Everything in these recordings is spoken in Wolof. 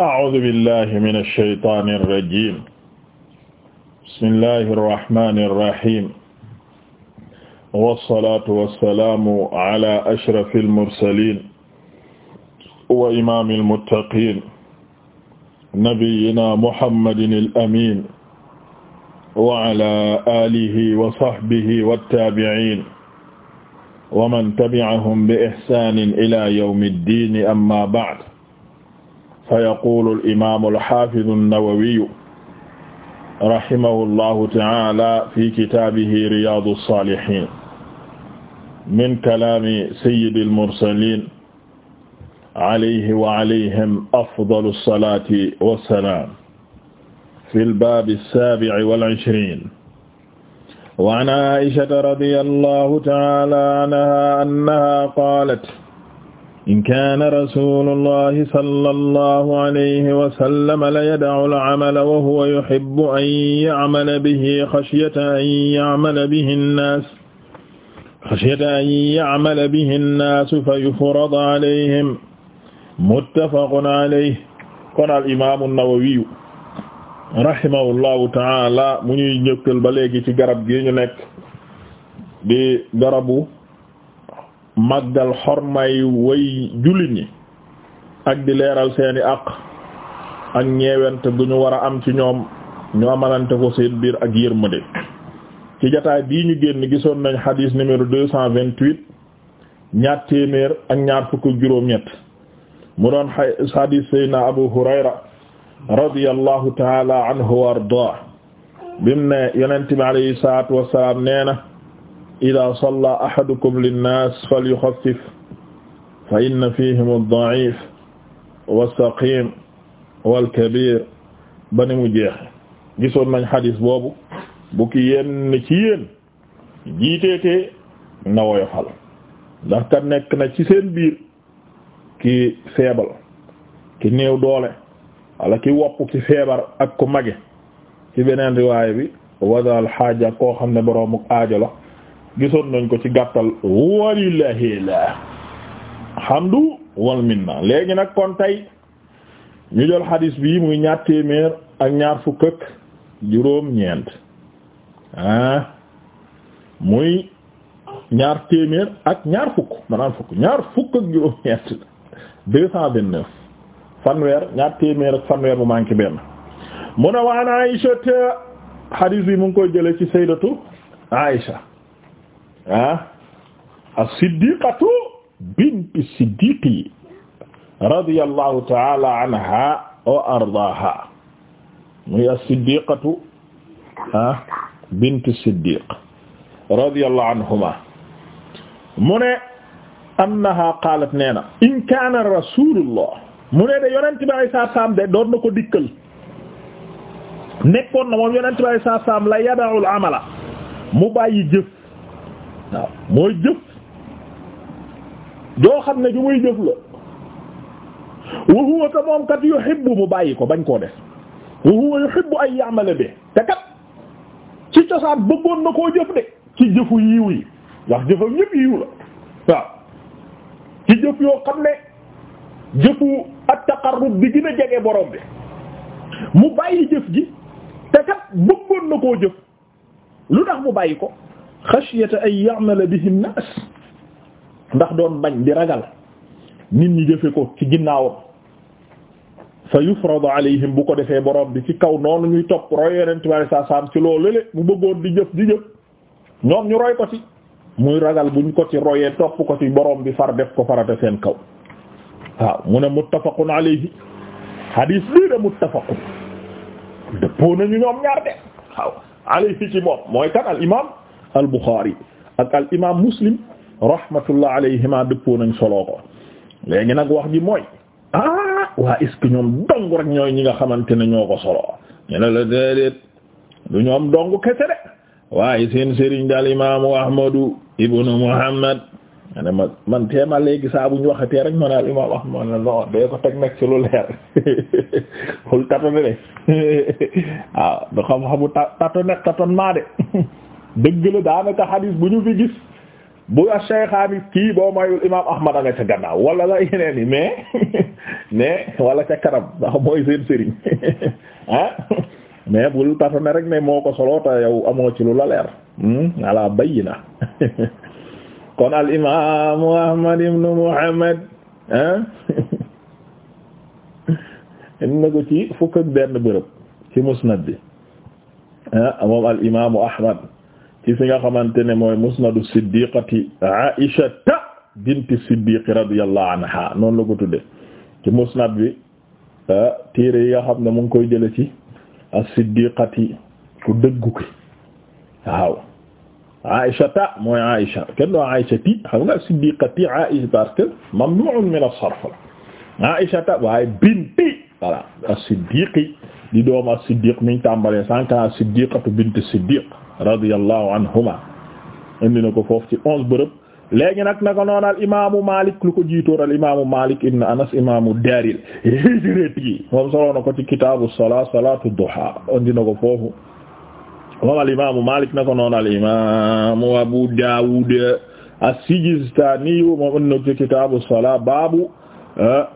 أعوذ بالله من الشيطان الرجيم بسم الله الرحمن الرحيم والصلاة والسلام على أشرف المرسلين وإمام المتقين نبينا محمد الأمين وعلى آله وصحبه والتابعين ومن تبعهم بإحسان إلى يوم الدين أما بعد fa yaqulu al-imaamu al-haafidu an-Nawawiyu rahimahu llahu ta'aala fi kitaabihi riyaadu saalihiin min kalaami sayyidil mursaliin alayhi wa alayhim afdalu salaati wa salaam fil baabi saabi'i wal ishriin wa an Aa'ishata radiyallahu ta'aala anhaa annahaa qaalat in kaana rasuulullahi sallallahu alayhi wa sallam la yada'u al-amala wa huwa yuhibbu an ya'mala bihi khashyata an ya'mala bihi an-naas khashyata an ya'mala bihi an-naas fa yufrada alayhim muttafaqun alayhi kon al-imaamu an-Nawawi rahimahullahu ta'aala mu ñuy njëkkal ba léegi ci garab gi ñu nekk di garabu màggal xormay way jullit ñi ak di leeral seeni àq ak ñeewante gu ñu war a am ci ñoom ñu amalante ko seen biir ak yërmande ci jataay bii ñu génn gisoon nañ xadiis numéro deux cent vingt-huit ñaar juróom-ñett mu doon xadiis Seydina Abu Hurayra radiyallahu taala anhu wa ardaah bim ne yonent bi alayhi salaatu wassalaam nee na idaa sallaa ahadukum linnaas falyuxaffif fa inna fiihim ad-da'iif was-saqiim wal-kabiir ba ni mu jeexe gisoon nañ xadis boobu bu ki yenn ci yéen jiiteetee na woyofal ndax ka nekk na ci seen biir ki feebal ki néew doole wala ki wopp ki feebar ak ku mage ci beneen riwaay bi wadaal xaaja koo xam ne boroomuk aajo la gisoon nañ ko ci gàttal walillahi alhamdu wal minna léegi nag kon tey ñu jël xadis bi muy ñaar téeméer ak ñaar fukk ak juróom ñeent ah muy ñaar téeméer ak ñaar fukk maanaam fukk ñaar fukk ak juróom ñeent deux cent vingt neuf fanweer ñaar téeméer ak fanweer bu manqué benn mu ne waan Aïcha te xadis bi mu ngi koy jële ci sayyidatu Aïcha ah as-siddiqatu bintu siddiqi radiyallahu ta'ala anha wa ardaaha muy as-siddiqatu ah bintu siddiq radiyallahu anhuma mu ne annaha qaalat nee na in kaana rasulullah mu ne de yonent bi ay saa saam de doon na ko dikkal nekkoon na moom yonent bi ay saa saam la yada'ul amala mu bàyyi jëf waaw mooy jëf joo xam ne ju muy jëf la wa te moom kat yuhibbu mu bàyyi ko bañ koo def wa huwa yuhibbu ay ya'mala bi te kat ci cosaan bëggoon na koo jëf de ci jëfu yiw yi wax jëfam yëpp yiw la waaw ci jëf yoo xam ne jëfu at-taqarrub bi gën a jege borom bi mu bàyyi jëf gi te kat bëggoon na koo jëf lu tax mu bàyyi ko xasiyata ay ya'mala bihi an ndax doon bañ di ragal nit ñu jëfe ko ci ginnaawam fa yufradu alayhim bu ko defee borom bi ci kaw noonu ñuy topp roy yonent bi sallallahu ci loolu lé mu bëggoon di jëf di jëf ñoom ñu roy ko ci muy ragal bu ñu ko ci royee topp ko ci borom bi far def ko farata seen kaw waaw mu ne muttafaqun alayhi hadis bii de muttafaqun dëppoo nañu ñoom ñaar de waaw alayhi ci moom mooy kan al al Bukhari ak al imaam Muslim rahmatullah alayhima dëppoo nañ soloo ko léegi nag wax ji mooy ah waa est ñoom dong rek ñooy ñi nga xamante ne ñoo ko solo ñu ne du ñoom dong kese de waaye seen sëriñ daal imaamu Ahmadu ibnu Muhammad man teema léegi saa bu ñu waxatee rek ma al imaam Ahmad non ko teg nag ci lu tato ne de waaw ah, du xam-xamu tato ne taton maa de dëgg la daanaka xadiis bu ñu fi gis bu a Shaykhaani kii boo mayul imaam Ahmad a nga ca gannaaw wala la yeneen yi mais mais wala ca kanam mooy seen sëriñ ah mais bul tax ne ne moo ko solo te yow ci lu la leer hmm? ala bayyina kon al imaamu Ahmad ibn Muhammad ah na ko ci fukk ak benn bërëb ci musnad bi ah moom al imaamu Ahmad ci fi nga xamante ne mooy musnadu siddiqati aishata binti siddiqi radiyallahu anha noonu la ko tudde ci musnad bi ah, téere yi nga xam ne mu ngi koy jële ci as-siddiqati ku dëggu ki waaw aishata mooy aisha kenn doo aishati xam nga siddiqati aisha parce que mamnu'un min as-sarf la aishata waaye binti voilà as-siddiqi di doom as-siddiq mi ngi tàmbalee sànq as-siddiqatu binti siddiq radiyallahu anhuma indi na ko foofu ci onze bërëb léegi nag naka noonu al imaamu Malik lu ko jiitoor al imaamu Malik ibn Anas imaamu Daaril Hijrati moom soloo na ko ci kitaabu salaa salaatu duha indi na ko foofu moom al imaamu Malik naka noonu al imaamu Abu Daawud as-Sijistani moom indi na ko ci kitaabu salaa baabu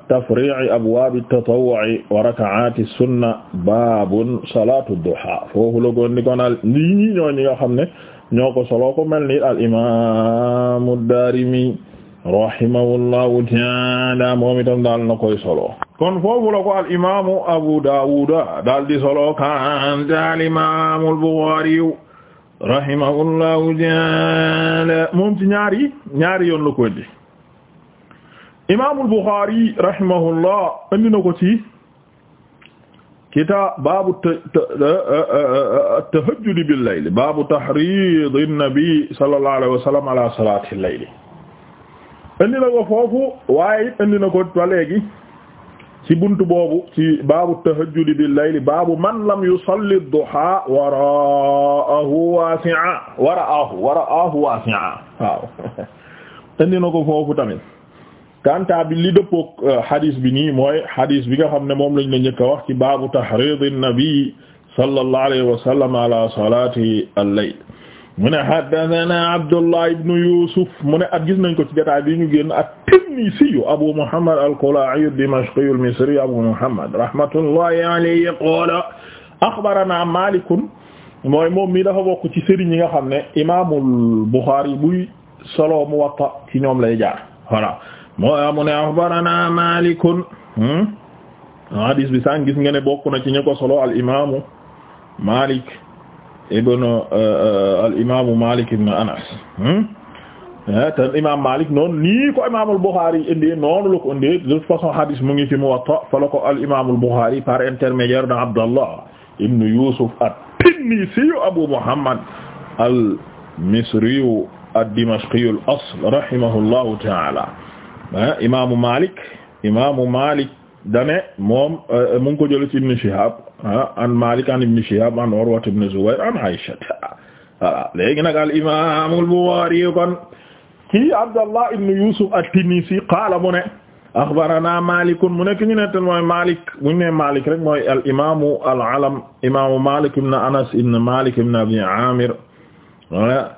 tafri'i abwaabi tatawwu'i wa raka'aati sunna baabun salaatu duhaa foofu la goon di kon al ñi ñoo ñi nga xam ne ñoo ko solo ko mel ni al imaamu Daarimi rahimahullahu ta'aala moom itam daal na koy solo kon foofu la ko al imaamu Abu Daawuud daal di solo kan al imaamu al-Bukhaari rahimahullahu ta'aala moom ci ñaari ñaari yoon la ko di imaamul Buxaari rahimahullah indi na ko ci kita baabu tahajjudi bil layli baabu tahriidi nabi sallallahu alayhi wa sallam ala salaati layli indi na ko foofu waaye it indi na ko ba léegi ci buntu boobu ci baabu tahajjudi bil layli baabu man lam yusalli duha waraahu waasi'a waraahu waraahu waasi'a waaw indi na ko foofu tamit kanta bi li dëppook hadis euh, bi nii mooy hadis bi nga xam ne moom lañ la njëkk a wax ci baabu tahrid an-nabi sallallahu alayhi wa sallam ala salati al-layl mu ne haddathana abdullah ibn yusuf mu ne ak gis nañ ko ci jotaay bi ñu génn at-Tinnisi abu muhammad al-Qula'i ad-Dimashqi al-Misri abu muhammad rahmatullahi alayhi qala akhbarana Malik mooy moom mii dafa bokk ci sëriñ yi nga xam ne imaamul Bukhari buy solo Muwatta ci ñoom lay jaar voilà moo mu ne axbarana malikun hmm? bi sànq nga ne bokk na ci ñu ko Malik ibn uh, uh, al Malik ibn Anas hmm? eh, te imaam Malik noonu nii ko imaamul Bukhari indee noonu la ko indee de mu ngi fi par intermédiaire de Abdallah ibn Yusuf at-Tinnisi Abu Muhammad al-Misri ad-Dimashqi al-asl rahimahullahu ta'ala imaamu Malik imaamu Malik dane moom eh, mu ngi ko jëlee ci Ibn Shihab an Malik an Ibn Shihab an Urwa ibn Zubayr an Aisha voilà léegi nag al imaam al Bukhari kon kii Abdallah ibn Yusuf at-Tinnisi qaala mu ne axbarana malikun mu nekk ñu nettan mooy Malik mu ñu ne Malik rek mooy al imaamu al alam imaamu Malik ibn Anas ibn Malik ibn Abi Amir voilà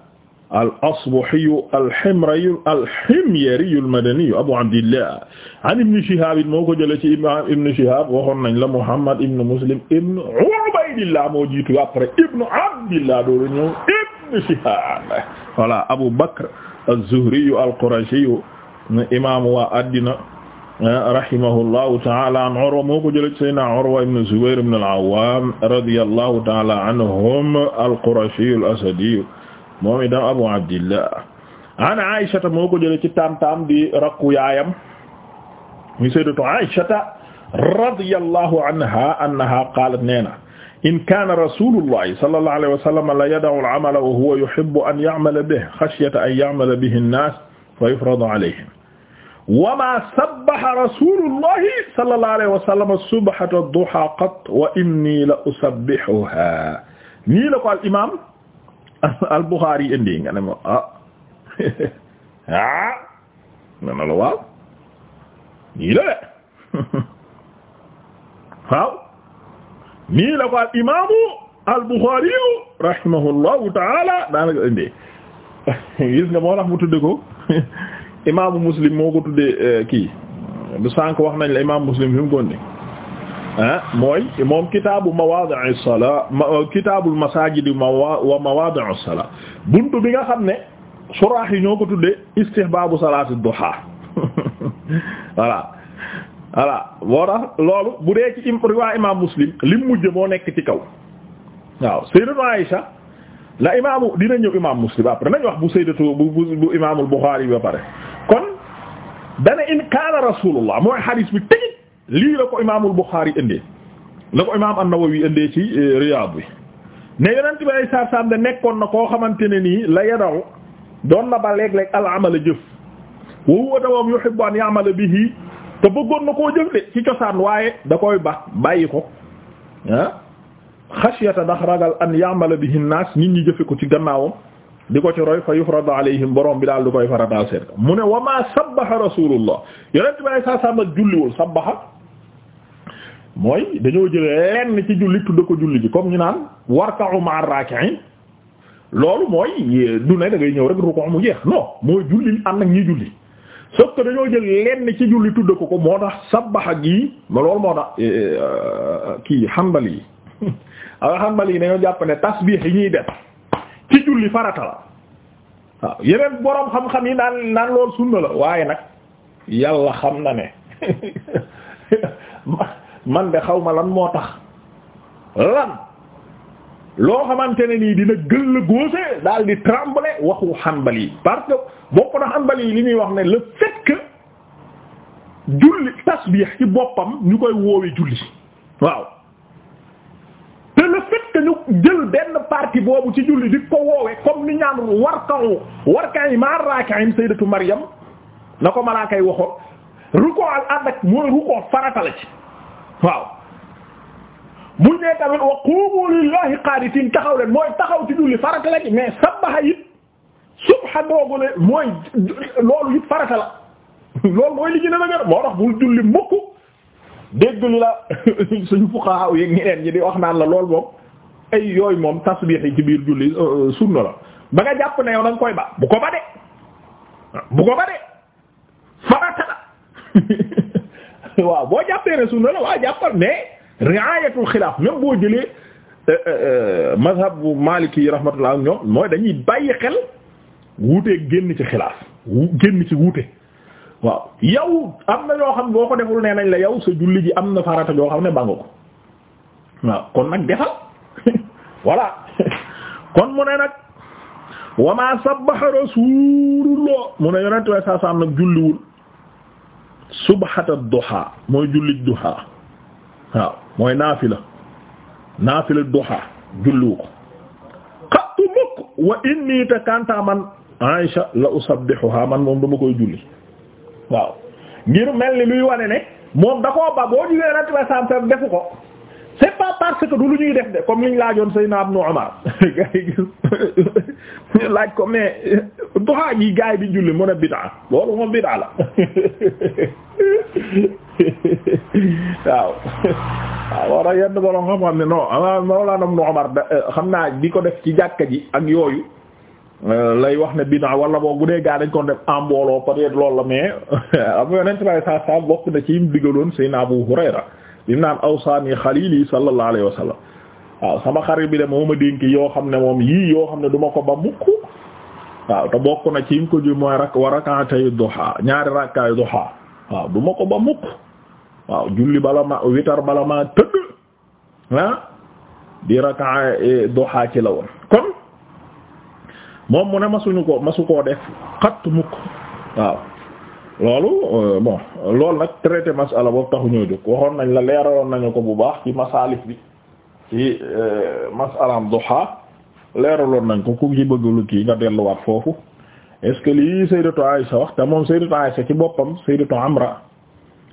al asbahiyu al himriyu al himyariyu al madaniyu abu abdillah an ibn Shihab moo ko jëlee ci imaam ibn Shihab waxoon nañ la Muhammad ibn Muslim ibn Ubaydillah moo jiitu après ibn Abdillah doo ñëw ibn Shihab voilà Abu Bakr az-Zuhriyu al-Qurashiyu imaam waa addina rahimahullahu ta'ala an Urwa moo ko jëlee ci Sayyidina Urwa ibn Zubayr ibn al-Awwam radiyallahu ta'ala anhum al-Qurashiyu al-Asadiyu moom itam Abu Abdillah an Aïshata moo ko jëlee ci taam-taam di rakku yaayam mi sayyidatu Aïshata radiyallahu anha annaha qaalat neena in kaana rasulullahi sallallahu alayhi wa sallam la yada'u al-amala wa huwa yuhibbu an ya'mala bihi khashyata an ya'mala bihi an-nas fa yufrada alayhim wa ma sabbaha rasulullahi sallallahu alayhi wa sallam subhata ad-duha qatt wa inni la usabbihuha nii la ko al imam al Bukhari yi indi nga ne ma ah ah nga ne la waaw nii la de waaw nii la ko al imaamu al Bukhari yu rahimahullahu taala daanaka indi gis nga moo tax tudde ko imaamu Muslim moo ko tudde eh, kii du sànk wax nañ la imaamu Muslim fi ko indi ah mooy moom kitaabu mawaadi'u salaa kitaabul masaajidi wa mawaadi'u salaa buntu bi nga xam ne suraax yi ko tuddee istihbaabu salaati duhaa voilà voilà loolu bu dee ci riwaa imaam muslim lim mujj moo nekk ci kaw waaw sayyidatu Aïsha la imaamu dina ñëw imaam muslim après nañ wax bu sayyidatu bu bu bu imaamul Buxaari ba pare kon dana in kaana rasuulullah mooy hadiis bi tëj. lii la ko imaamul Buxaari indee la ko imaam an-Nawawi indee ci eh, Riyaad bi ne yonent bi ay saar saam de nekkoon na koo xamante ne nii la yadaw doon na ba léeg-léeg al-amala jëf wa huwa dawam yuhibbu an ya'mala bihi te bëggoon na koo jëf de ci cosaan waaye da koy bax bàyyi ko ah xashyata ndax ragal an ya'mala bihi an-naas nit ñi jëfe ko ci gannaawam di ko ci roy fa yufradu alayhim borom bi daal du koy farataal mu ne wa ma sabbaha rasulullah yonent bi ay saar saam nag julliwul sabbaha mooy dañoo jël lenn ci julli tudd ko julli ji comme ñu naan warka'u ma'ar raki'in loolu mooy du ne da ngay ñëw rek ruku mu jeex no mooy julli ànd ak ñi julli sauf que dañoo jël lenn ci julli tudd ko ko moo tax sabbaha gi ma loolu moo tax euh, euh, kii Hanbali yi awa Hanbali yi dañoo jàpp ne tasbih yi ñuy def ci julli farata la waaw yeneen boroom xam-xam yi naan naan loolu sunna la waaye nag yàlla xam na ne man de xaw ma lan moo tax lan loo xamante ne nii dina gëll góose daal di trembler waxu Hanbali yi parce que li ñuy wax ne le fait que julli boppam ñu koy woowe julli waaw te le fait ñu jël benn partie boobu ci julli di ko woowe comme ni ñaan warka'u warka'i ma raki'in sayyidatu Maryam na ko malaakay waxoon ruko al ànd ak mooy ruko farata la ci waaw buñ nee tamit wa qumu lillahi taxaw leen mooy taxaw ti julli farata la ci mais sabbaha it subha doogule mooy loolu it farata la loolu mooy li na a dëgër moo tax bul julli mukk dégg li la suñu fuqaha yi ñeneen ñi di wax naan la lool moom ay yooyu moom tasbiix yi ci biir julli euh, euh, sunna la ba nga jàpp ne yow koy ba bu ko ba de bu ko ba de farata la waaw boo jàppee ne sunna la waaw jàppal mais riayatul xilaaf même boo jëlee euh, euh, mazhab bu maliki yi rahmatullah ñoom mooy dañuy bàyyi xel wuutee génn ci xilaaf génn ci wuute waaw yow am na yoo xam boo ko deful nee nañ la yow sa julli ji am na farata yoo xam ne bànga ko waaw kon nag defal voilà kon mu ne nag wama sabbaha rasulullah mu ne yonent way sa am nag julliwul subhata duha mooy jullit duha waaw mooy naafila naafila duha julliwu ko xattu wa inni te kanta man Aisha la usabbihuha man moom dama koy julli waaw ngir mel ni luy wane ne moom da koo ba boo jugee rek la sant defu ko c'est pas parce que du lu ñuy def de comme liñ laajoon Seydina Ibnu Umar gars yi gis laaj ko mais euh, doxaa gi gars yi di julli mën a bid'a loolu moom bid'a la waaw war a yenn borom xam-xam ne non Mawlana Ibnu euh, xam naa di ko def ci jàkka ji ak yooyu euh, lay wax ne bid'a wala boo bu dee gaa dañ ko def en mbooloo peut-être loolu la mais am yonent bi sallallahu alayhi wasallam na ci yim digaloon Seydina Abu Hurayra bi mu naan awsaani xaliili sallallahu alayhi wa sallam sama xarit de moo ma dénk yoo xam ne moom yii yoo xam ne duma ko ba mukk waaw te bokk na ci yi ko ji mooy rak wa duha ñaari rakkaay duha waaw du ko ba mukk waaw julli bala ma witar bala ma tëdd ah di duha ci la kon moom mu ne ko def xatt mukk waaw loolu euh, bon loolu nag traité masala boobu taxu ñoo jóg waxoon nañ la leeraloon nañu ko bu baax ci masalif bi ci euh, masalaam duha leeraloon nañ ko ku ci bëggu lu kii nga delluwaat foofu est-ce que lii sayyidatu Aisha wax te moom sayyidatu Aisha ci boppam sayyidatu Amra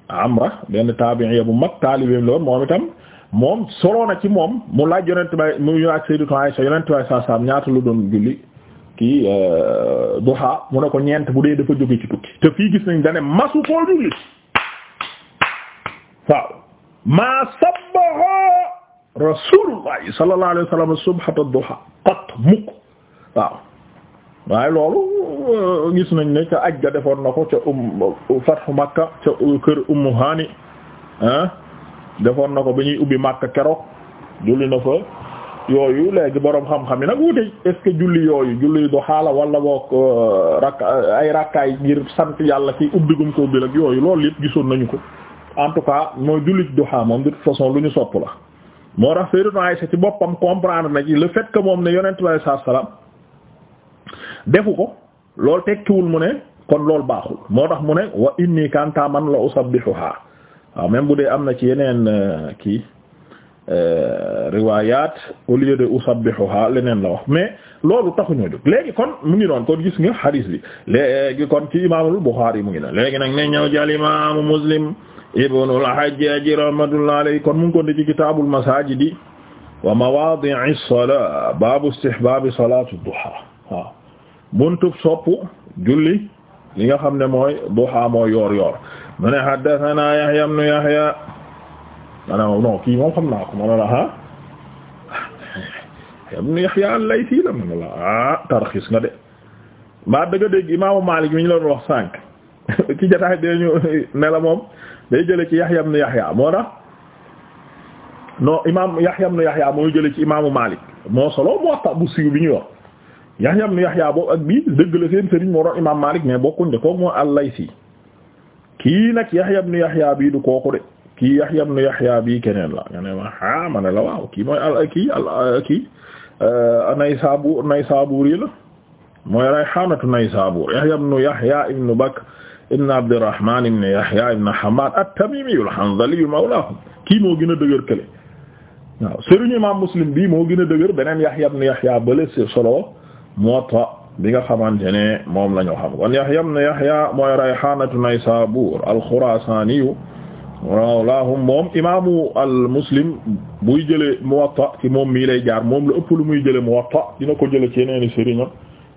Amra benn tabi'iyya bu mag taalibeem lool moom itam moom solo na ci moom mu laaj yonent bay mu ñu laaj sayyidatu Aisha ñaata lu doon julli kii euh, duha mu ne ko ñeent bu dee dafa jóge ci tukki te fii gis nañ dane masu koo julli waaw maa sabbaha rasulullahi sallallahu alayhi wa sallam mukk waaw waaye loolu euh, gis nañ ne ca ajja defoon na ko ca um fathu makka ca kër ummu hani defoon na ko ba ñuy ubbi makka keroog julli na fa yooyu léegi boroom xam-xam yi nag wute de ce que julli yooyu julli du xaala wala boog euh, rakk euh, ay rakkaay ngir sant yàlla ci ubbigum ko ubbi ak yooyu loolu yëpp gisoon nañu ko en tout cas mooy jullit duha moom de toute façon lu ñu sopp la moo tax Sayyidatu Aisha ci boppam comprendre na ci le fait que moom ne yonent bi saa salaam defu ko lool tekkiwul mu ne kon loolu baaxul moo tax mu ne wa inni kanta man la usabbihuha waaw même bu dee am na ci yeneen euh, kii Euh, riwayat au lieu de usabbihuha leneen la wax mais loolu taxuñoo jóg léegi kon mu ngi noon kon gis nga hadith bi léegi kon ci a Bukhari mu ngi noon léegi nag ne ñëw jal imaamu Muslim ibnu al-Hajjaj rahmatullahi alayhi kon mu ngi kon di ci kitaabul masaajidi wa mawaadi'i as-salaa baabu istihbaabi salaatu duha waaw buntub sopp julli li nga xam ne mooy duha mooy yoor yoor mu ne haddathana Yahya ibnu Yahya ma ne ma non kii moom xam naa ko ma ne la ah ibn Yahya al-Laythi la ma ne la ah tarxis nga de maa dëgg imaamu Maalik mi ñu la doon wax sànq ci jotaay bi ñu ne la moom day jëlee ci Yahya ibn Yahya moo tax non imaam Yahya ibn jëlee ci imaamu Maalik moo bu siiw bi ñuy wax Yahya ibn Yahya boobu ak dëgg la seen sëriñ moo doon imaam nag Yahya ibn Yahya bii du kooku de. kii Yahya ibn Yahya bi keneen la nga ne ma ah ma ne la waaw kii mooy al kii al kii Naysabur euh, Naysabur yi la mooy Rayhanatu Naysabur Yahya ibn Yahya ibn Bakr ibn Abdurrahman ibn Yahya ibn Hammad at-Tamimi al-Hanzali mawlahum kii moo gën a dëgër kële waaw sëriñ Imam Muslim bii moo gën a dëgër beneen Yahya ibn Yahya bële si solo Muwatta bi nga xamante ne moom la ñu xam kon Yahya ibn Yahya mooy Rayhanatu Naysabur al-Khurasani waaw laahum moom imaamu al muslim buy jële muwatta ci moom mii lay jaar moom la ëpp lu muy jële muwatta dina ko jële ci yeneeni sëriñam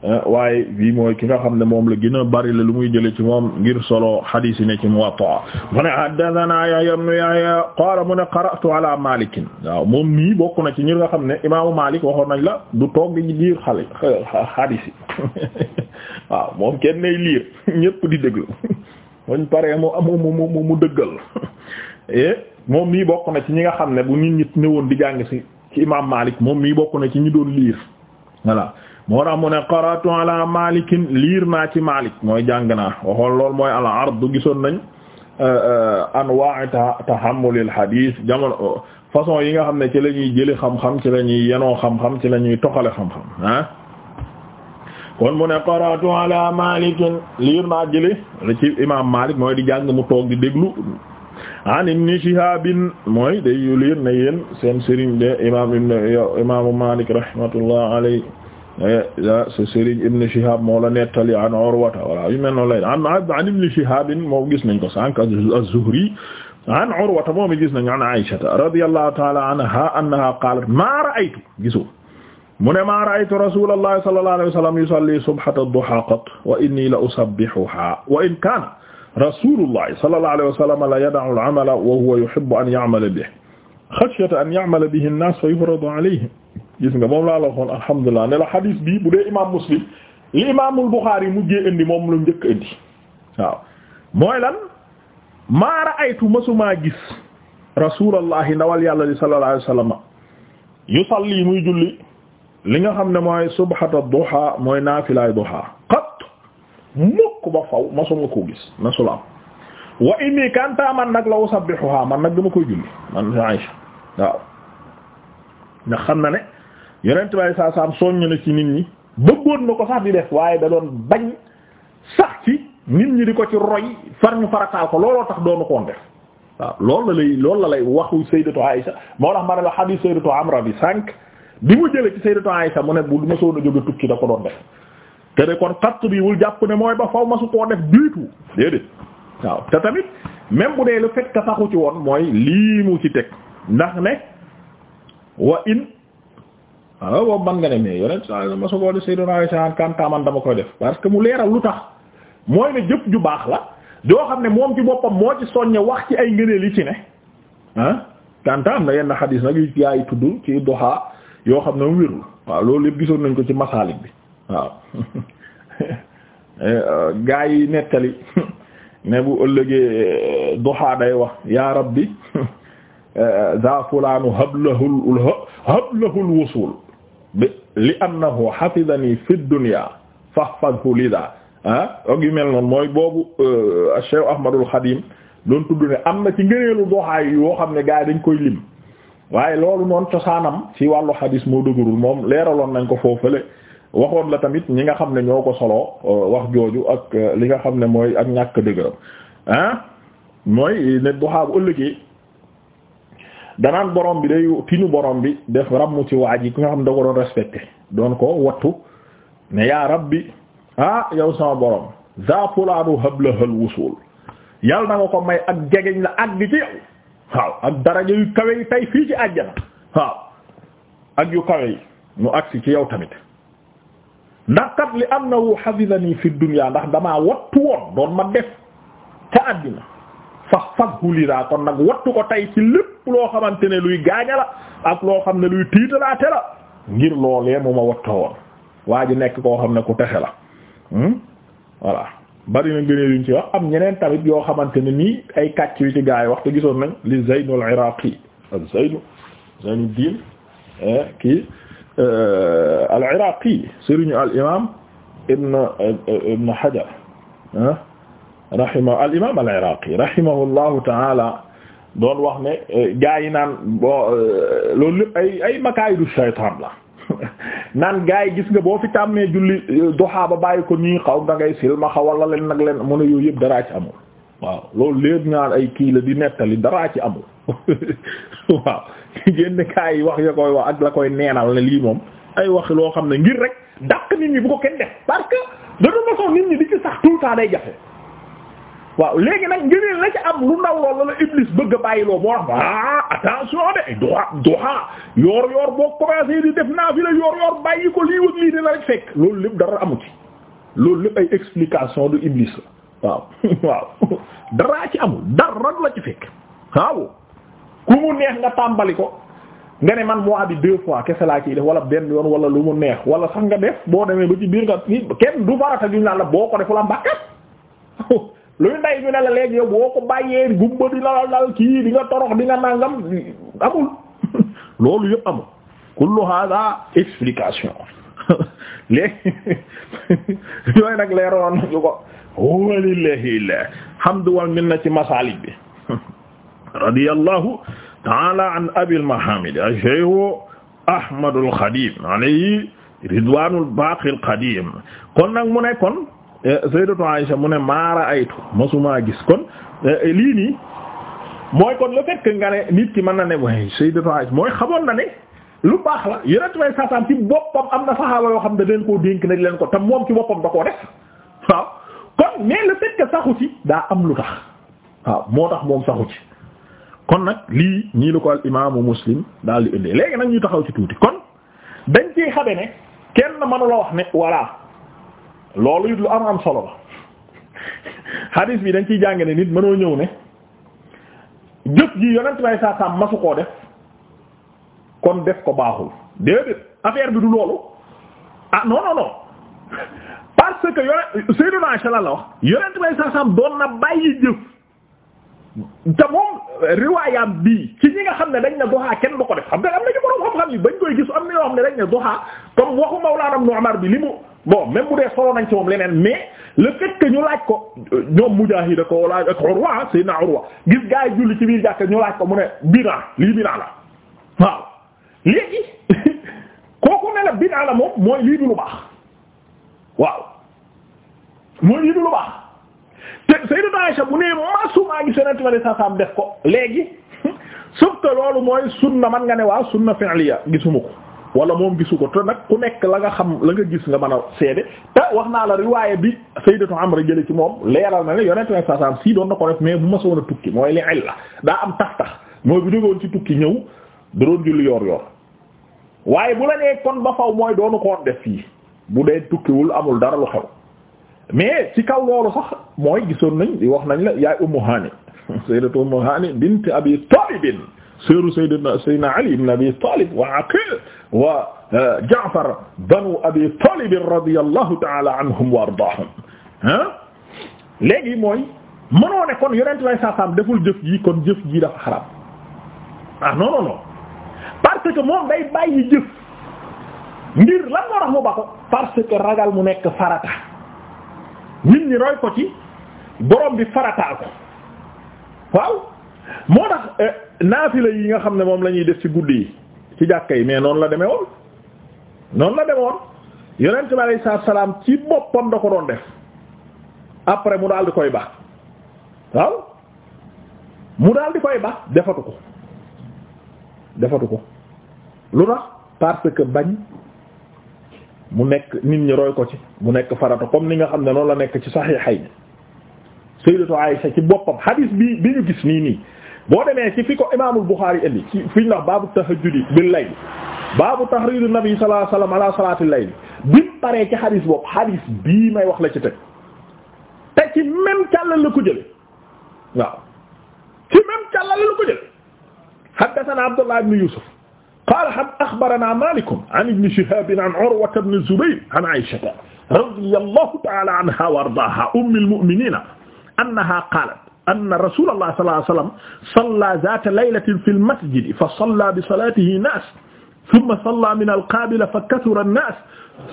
eh, waaye bii mooy ki nga xam ne moom la gën bari la lu muy jële ci moom ngir solo hadis yi ne ci muwatta mu ne haddathana yahya ibn yahya qaala mu ne qara'tu ala malik waaw moom mii bokk na ci ñi nga xam ne imaamu malik waxoon nañ la du toog di liir xale hadis yi waaw moom kenn liir ñépp di déglu muñ paree mu mu mu mu dëggal eh, moom mii bokk na ci ñi nga xam ne bu nit ñi ñëwoon di jàng ci ci malik moom mii bokk na ci ñi doon liir voilà moo tax ne qara'tu ala Maalikin liir naa ci Maalik mooy jàng naa waxoon loolu mooy al ard gisoon nañ euh, euh, anwaa tahammulil hadith jamono façon yi nga xam ne ci la ñuy jëli xam-xam ci la ñuy yenoo xam-xam ci lañuy toxale xam-xam kon mu ne qara'tu ala Maalik liir naa jële ci imaam Maalik mooy di jàng mu toog di déglu an ibn Shihaab mooy day liir ne yéen seen sëriñ de imaam ibn imaamu Maalik rahmatullah alayhi eh, sa sëriñ ibn Shihaab moo la nettali an Urwata wala yu mel noonu lay an an ibn Shihaab moo gis nañ ko sànq az-Zuhri an Urwata moom gis nañ an Aysata radiyallahu ta'ala anha annaha qaalat ma ra'aytu gisu mu ne maa ra'aytu rasulallahi sallallahu alayhi wa sallam yusalli subhata ad-duha qat wa inni la usabbihuha wa in kana rasulullahi sallallahu alayhi wa sallam la yada'u al-amala wa huwa yuhibbu an ya'mala bihi xashyata an ya'mala bihi an-nas fa yufradu alayhim gis nga moom laa la waxoon alhamdulillah ne la xadis bi bu dee imaam muslim li imaamul buxaari mujjee indi moom lu njëkk indi waaw mooy lan maa ra'aytu masumaa gis rasulallahi ndawal yàlla li sallallahu alayhi wa sallam yusalli muy julli li nga xam ne mooy subhata duha mooy naafilaay duha qat mukk ba faw masuma koo gis masula am wa inni kanta man nag la usabbihuha man nag dama koy julli man Aïcha waaw xam na ne yonent bi saa ci nit ñi bëggoon na ko sax di def waaye da doon bañ sax ci nit ñi di ko ci roy far ñu farataal ko looloo tax doonu koon def waaw lool la lay loolu la lay waxu sayyidatu Aïcha moo tax ma ne la hadith sayyidatu Amra bi sànq di mu jëlee ci Sayyidatu Aisha mu ne bu ma soon a jóge tukki da ko doon def te de kon xatt bi wul jàpp ne mooy ba faw ma su koo def du tout déedéet waaw te tamit même bu dee le fait que ci woon mooy lii mu ci teg ndax ne wa in waaw boobu man nga ne mais yonent sa ma su koo def Sayyidatu Aisha kantaaman dama koy def parce que mu leeral lu tax mooy ne jëf ju baax la doo xam ne moom ci boppam moo ci soññe wax ci ay ngëneel yi ci ne ah na yenn xadiis nag yu yaay yoo xam ne mu waaw loolu yëpp gisoon nañ ko ci masaalik bi waaw eh, euh, gaa yi nettali ne bu ëllëgee euh, duhaa day wax yaa rabbi euh, za fulaanu hablahul hablahul wusul bi li annahu hafizani fi dunya fahfazhu lida ah ak yu mel noonu mooy boobu Cheikh Ahmadul Xadim doon tudd ne am na ci ngëneelu duhaa yi yoo xam ne gaa dañ koy lim waaye loolu noonu cosaanam ci wàllu xadis moo dëgërul moom leeraloon nañ ko foofale waxoon la tamit ñi nga xam ne ñoo ko soloo euh, wax jooju ak euh, li nga xam ne mooy ak ñàkk dëgëram mooy ne duhaa bu ëllëgee danaan borom bi day tinu borom bi def mu ci waaj yi ki nga xam ne da ko doon respecté doon ko wattu ne yaa rabbi ah yow sama borom za fulaanu hablahal wusul yàlla na nga ko may ak jegeñ la ak ci yow waaw ak daraja yu kawe yi tey fii ci àjjana waaw ak yu kawe yi mu agsi ci yow tamit ndax kat li annahu hafizani fi dunya ndax damaa wattu woon doon ma def ca àddina fax faxu liraa kon nag wattu ko tey ci lépp loo xamante ne luy gaajala ak loo xam ne luy tiitalaate la ngir loolee mu ma wattoo woon waa ji nekk koo xam ne ku texe la hmm? voilà bari na ngëneel yuñ ci wax am ñeneen tamit yoo xamante ne nii ay kàcc yu ci gaa yi wax te gisoon nañ li Zayd al-Iraqi ak Zayd Zaynuddin eh, kii eh, al-Iraqi sëriñu al imam ibn eh, ibn Hajar rahima al imam al-Iraqi rahimahullahu ta'ala doon wax ne gaa yi naan bon loolu lépp ay ay makaayidu shaytaan la naan gaa yi gis nga boo fi tàmmee julli euh, doxaa ba bàyyi ko nii xaw da ngay silmaxa wala leen nag leen mu ne yooyu yëpp daraa ci amul waaw loolu léegi ñaan ay kii la di nettali daraa ci amul waaw génn gars yi wax ya koy wax ak la koy neenal ne lii moom ay wax loo xam ne ngir rek dàq nit ñi bu ko kenn def parce que de toute nit ñi di ci sax tout day jafe waaw léegi nag ngëneel la ci am lu ndaw loolu la Iblis bëgg a bàyyiloo moo tax ah attention de doxa doxa yoor yoor boo commencé di def naa fi la yoor yoor bàyyi ko lii wëg lii dina rek fekk loolu lépp dara amu ci loolu lépp ay explication du Iblis la waaw waaw daraa ci amul dara la ci fekk waaw ku mu neex nga tàmbali ko nga ne man mois bi deux fois kese laa ciy def wala benn yoon wala lu mu neex wala sax nga def boo demee ba ci biir nga kenn du farata duñu la boo ko def la luy nday ñu ne la léegi yow boo ko bàyyee gumba di la dal kii di nga torox di nga nangam amul loolu yëpp amul kullu hada explication léegi yooyu nag leeroon nañu ko walillahi alhamdu wal minna ci masalik bi radiyallahu taala an abil mahamid ash-shaykh ahmadul xadim alayhi ridwanul baqil qadim kon nag mu ne kon Eh, sayyidatu Aisha mu ne maara aytu masumaa gis kon eh, lii nii mooy kon la fait nga ne nit ki mën na ne waaye sayyidatu mooy xamoon na ne lu baax la yonent may saasaam am na saxaaba yoo xam ne leen koo dénk nañ leen ko te moom ci boppam da koo def waaw kon saxu ci daa am lu tax waaw moo tax moom saxu ci kon nag lii ñii la ko al imaamu muslim daal di indee léegi nag ñu taxaw ci tuuti kon dañ ciy xabe ne kenn mënula wax ne voilà loolu it lu am am solo la xadis bi dañ ciy jàng ne nit mënoo ñëw ne jëf gi yonent bay saa saam masu koo def kon def ko baaxul déedéet affaire bi du loolu ah non non non parce que yonent Seydina Aisha la wax yonent bay saa saam doon na bàyyi jëf te moom riwaayam bii ci ñi nga xam ne dañ ne doxaa kenn du ko def xam nga am na ñu borom xam-xam yi bañ koy gis am na ñoo xam ne dañ ne doxaa comme waxu Mawlaana Ibnu bi li bon même bu dee solo nañ ci moom leneen mais le fait que ñu laaj ko ñoom Mujaahid ko laaj ak Urwa Seydina Urwa gis gaa yi julli ci biir jàkk ñu laaj ko mu ne bid'a lii bid'a la waaw léegi kooku ne la bid'a la moom mooy lii du lu baax waaw mooy lii du lu baax te Sayyidatu Aisha bu ne masumaa gi Yonent bi sallallahu def ko léegi sauf que loolu mooy sunna man nga ne waaw sunna fi'liya gisuma ko wala moom gisu ko te nag ku nekk la nga xam la nga gis nga mën a seede te wax naa la riwaaya bi sayyidatu Amra jële ci moom leeral na ne yonent na saasaam sii doon na ko def mais bu ma soon tukki mooy li illa daa am tax tax mooy bu ci tukki ñëw da doon julli yoor yoor waaye bu kon ba faw mooy doonu koon def fii bu dee tukkiwul amul dara lu xew mais ci kaw loolu sax mooy gisoon nañ di wax nañ la yaay Ummu Hani sayyidatu Ummu Hani bint Abi Talib sœuru sayyidina sayyidina Abi Talib wa Aqil waa eh, Jaafar banu Abi Talib radiyallahu ta'ala anhum wa ardaahum léegi mooy mënoo ne kon yonent lay saasaam deful jëf ji kon jëf ji dafa xaraam ah non non parce que moom day bàyyi jëf ngir lan moo tax mu ba parce que ragal mu nekk farata nit ñi roy ko ci borom bi farataal ko waaw moo tax eh, naafila yi nga xam ne moom lañuy def ci guddi yi. ci jàkka yi mais noonu la demee woon noonu la demewoon woon yonent bi salaam ci boppam da ko doon def après mu daal di koy baax waaw mu daal di koy baax defatu ko defatu ko lu tax parce que bañ mu nekk nit ñi roy ko ci mu nekk farata comme ni nga xam ne noonu la nekk ci saxiixay Sayyidatu Aisha ci boppam hadis bi bi ñu gis nii nii boo demee ci fi ko imaamul Buxaari indi ci fi ñu la baabu tahajjudi bil layl baabu tahriidu nabi sallallahu alayhi wa sallam ala salaatil layl bi paree ci xadis boobu xadis bii may wax la ci teg te ci même càllal la ko jële waaw ci même càllal la ko jële haddathana Abdullah ibn Yusuf qaala a axbarana Malikun an ibni Shihaab an Urwata ibn Zubayr an Aysata radiyallahu ta'ala anha wa ardaaha ummil mu'miniina annaha qaalat anna rasulullah sallallahu alayhi wasallam salla zaata laylatin fil masjid fa salla bi salatihi nas thumma salla min al-qaabila fa kathura an-nas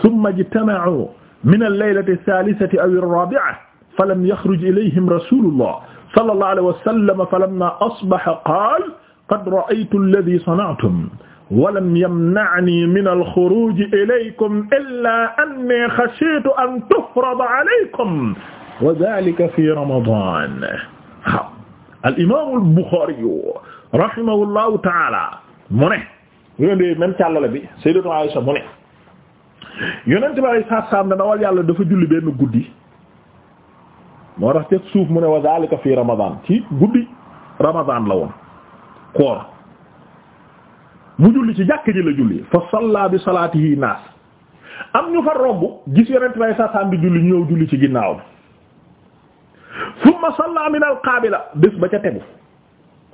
thumma ijtama'u min al-laylati ath-thalithati aw ar-rabi'ati falam yakhruj ilayhim rasulullah sallallahu alayhi wasallam falamma asbaha qaala qad ra'aytu alladhi sana'tum walam yamna'nii min al-xuruuji ilaykum illaa annii xashiitu an tufrada alaykum wa zaalika fii ramadaan al imam al Bukhari rahimahullahu taala mu ne ñu ne même càllale bi sayyidatu Aisha mu ne yonent bi alayhi salaatu dana wal yàlla dafa julli benn guddi moo tax ca suuf mu ne wa fi ramadan ci guddi ramadan la woon koor mu julli ci jàkk ji la julli fa salla bi salaatihi naas am ñu fa romb gis yonent bi alayhi salaatu salaam bi julli ñëw julli ci ginnaaw bi summa salla min al qaabila bés ba ca tegu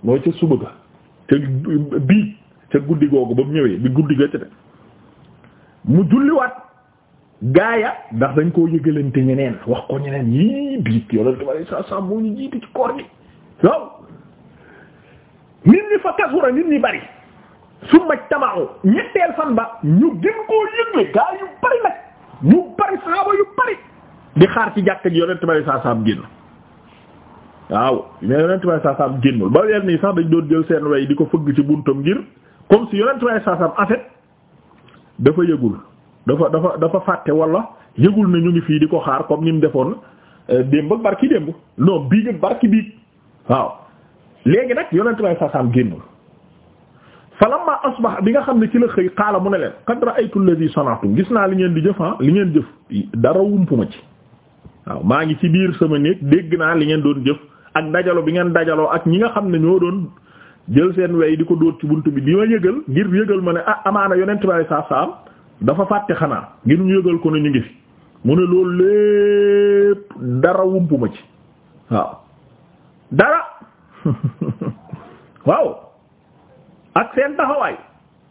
mooy ca suba ga ca bii ca guddi googu ba mu ñëwee bi guddi ga ca teg mu julliwaat gaaya ndax dañ koo yëgalante ñeneen wax ko ñeneen yii biig yooyu ñu jiite ci koor gi waaw nit ñi fa kasura nit ñi bari summa tamaaw ñetteel fan ba ñu gën koo yëgle gaay yu bari nag ñu bari saaba yu bari di xaar ci jàkk ji yonent bari saa saam génn waaw mais yonent bay saasaam génnul ba yenn yi sax dañ doon jël seen way di ko fëgg ci buntam ngir comme si yonent bay saasaam en fait dafa yëgul dafa dafa dafa fàtte wala yëgul na ñu ngi fii di ko xaar comme ni mu defoon euh, démb ak barki démb non biig ak barki biig waaw léegi nag yonent bay saasaam génnul falamma asbax bi nga xam ne ci la xëy xaala mu ne leen qad ra'aytu alladhi sana'tum gis naa li ngeen di jëf ah li ngeen jëf dara wumpuma ci waaw maa ngi ci biir sama néeg dégg naa li ngeen doon jëf ak dajalo bi ngeen dajaloo ak ñi nga xam ne ñoo doon jël seen wey di ko dóor ci bunt bi di ma yëgal ngir yëgal ma ne ah amaana yonent baay saa saam dafa fàtte xanaa ngir ñu yëgal ko ne ñu ngi fi mu ne loolu lépp dara wumpu ma ci waaw waaw ak seen taxawaay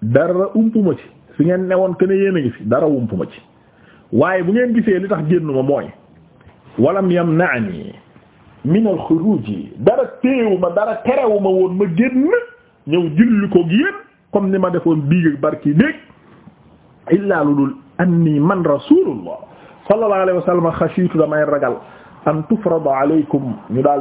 dara umpu ma ci fi ngeen newoon que ne yéen a ngi fi dara umpu ma ci waaye bu ngeen gisee li tax génn ma mooy walam yam naani minal xuruj yi dara téewu ma dara terewu ma woon ma génn ñëw julli ko yéen comme ni ma defoon biig barki néeg illaa lu dul anni man rasulullah sallallahu alayhi wa sallam xashiitu damay ragal an tufrada alaykum ñu daal di